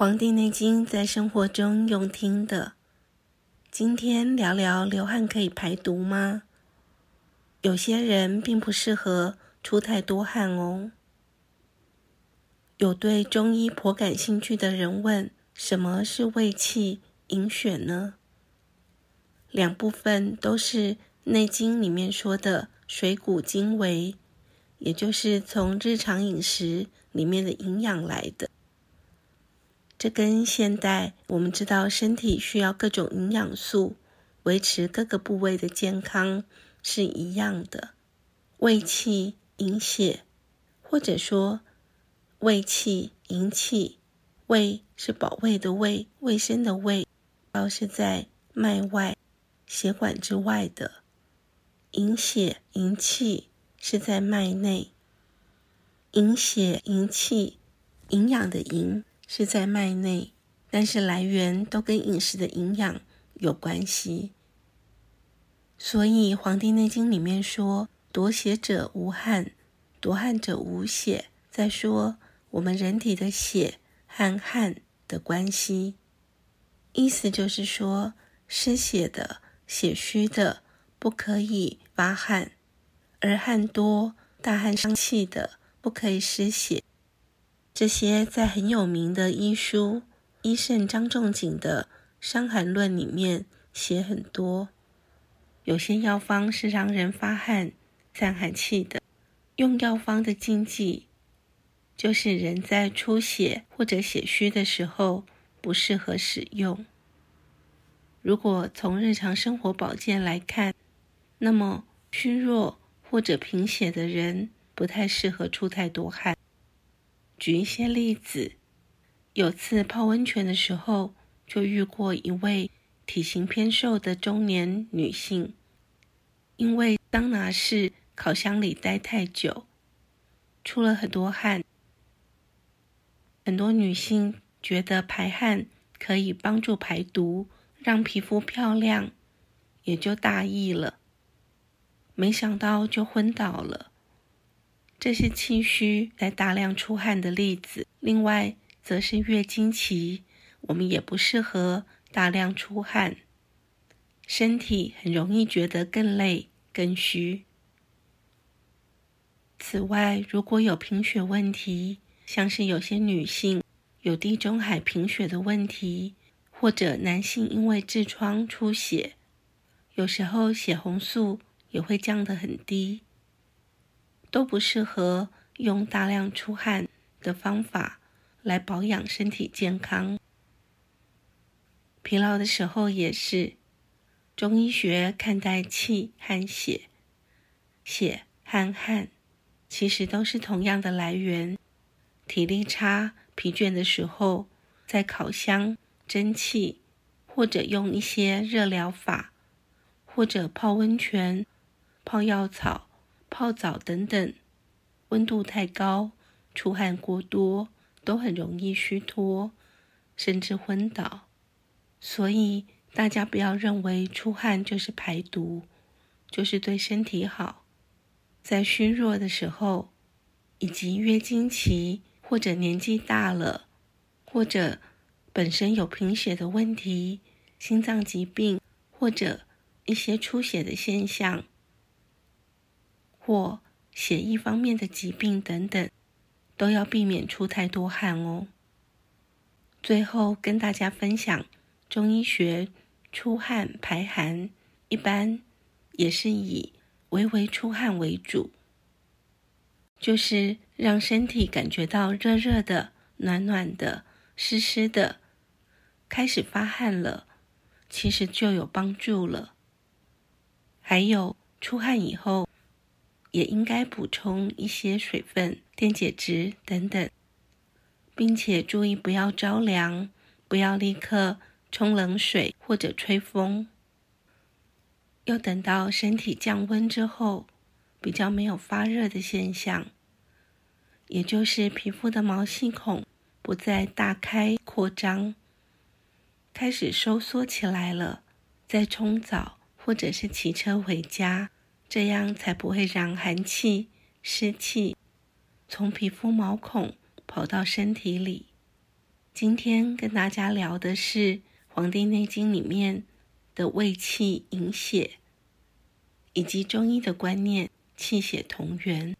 《黃帝內經》在生活中用聽的。今天聊聊流汗可以排毒嗎？有些人並不適合出太多汗哦。有對中醫頗感興趣的人問：“什麼是衛氣營血呢？”兩部分都是《內經》裡面說的水谷精微，也就是從日常飲食裡面的營養來的。這跟現代我們知道身體需要各種營養素，維持各個部位的健康是一樣的。胃氣、營血，或者說胃氣、營氣。胃是保衛的胃，衛生的胃，包是在脈外、血管之外的。營血、營氣是在脈內。營血、營氣，營養的營。是在脈內，但是來源都跟飲食的營養有關係。所以《黃帝內經》裡面說：“奪血者無汗，奪汗者無血。”再說我們人體的血和汗的關係，意思就是說，失血的、血虛的，不可以發汗；而汗多、大汗傷氣的，不可以失血。這些在很有名的醫書醫聖張仲景的《傷寒論》裡面寫很多，有些藥方是讓人發汗散寒氣的，用藥方的禁忌，就是人在出血或者血虛的時候，不適合使用。如果從日常生活保健來看，那麼虛弱或者貧血的人，不太適合出太多汗。舉一些例子，有次泡溫泉的時候，就遇過一位體型偏瘦的中年女性，因為桑拿室烤箱裡待太久，出了很多汗。很多女性覺得排汗可以幫助排毒，讓皮膚漂亮，也就大意了，沒想到就昏倒了。這是氣虛來大量出汗的例子，另外則是月經期，我們也不適合大量出汗，身體很容易覺得更累、更虛。此外，如果有貧血問題，像是有些女性有地中海貧血的問題，或者男性因為痔瘡出血，有時候血紅素也會降得很低。都不適合用大量出汗的方法來保養身體健康。疲勞的時候也是，中醫學看待氣和血，血和汗其實都是同樣的來源。體力差、疲倦的時候，在烤箱、蒸汽，或者用一些熱療法，或者泡溫泉、泡藥草。泡澡等等，溫度太高，出汗過多，都很容易虛脫，甚至昏倒。所以大家不要認為出汗就是排毒，就是對身體好。在虛弱的時候，以及月經期，或者年紀大了，或者本身有貧血的問題、心臟疾病，或者一些出血的現象。或血液方面的疾病等等，都要避免出太多汗哦。最後跟大家分享，中醫學出汗排寒，一般也是以微微出汗為主，就是讓身體感覺到熱熱的、暖暖的、濕濕的，開始發汗了，其實就有幫助了。還有出汗以後，也應該補充一些水分、電解質等等，並且注意不要着涼，不要立刻沖冷水或者吹風，要等到身體降溫之後，比較沒有發熱的現象，也就是皮膚的毛細孔不再大開擴張，開始收縮起來了，再沖澡或者是騎車回家。這樣才不會讓寒氣、濕氣從皮膚毛孔跑到身體裡。今天跟大家聊的是《黃帝內經》裡面的衛氣營血，以及中醫的觀念：氣血同源。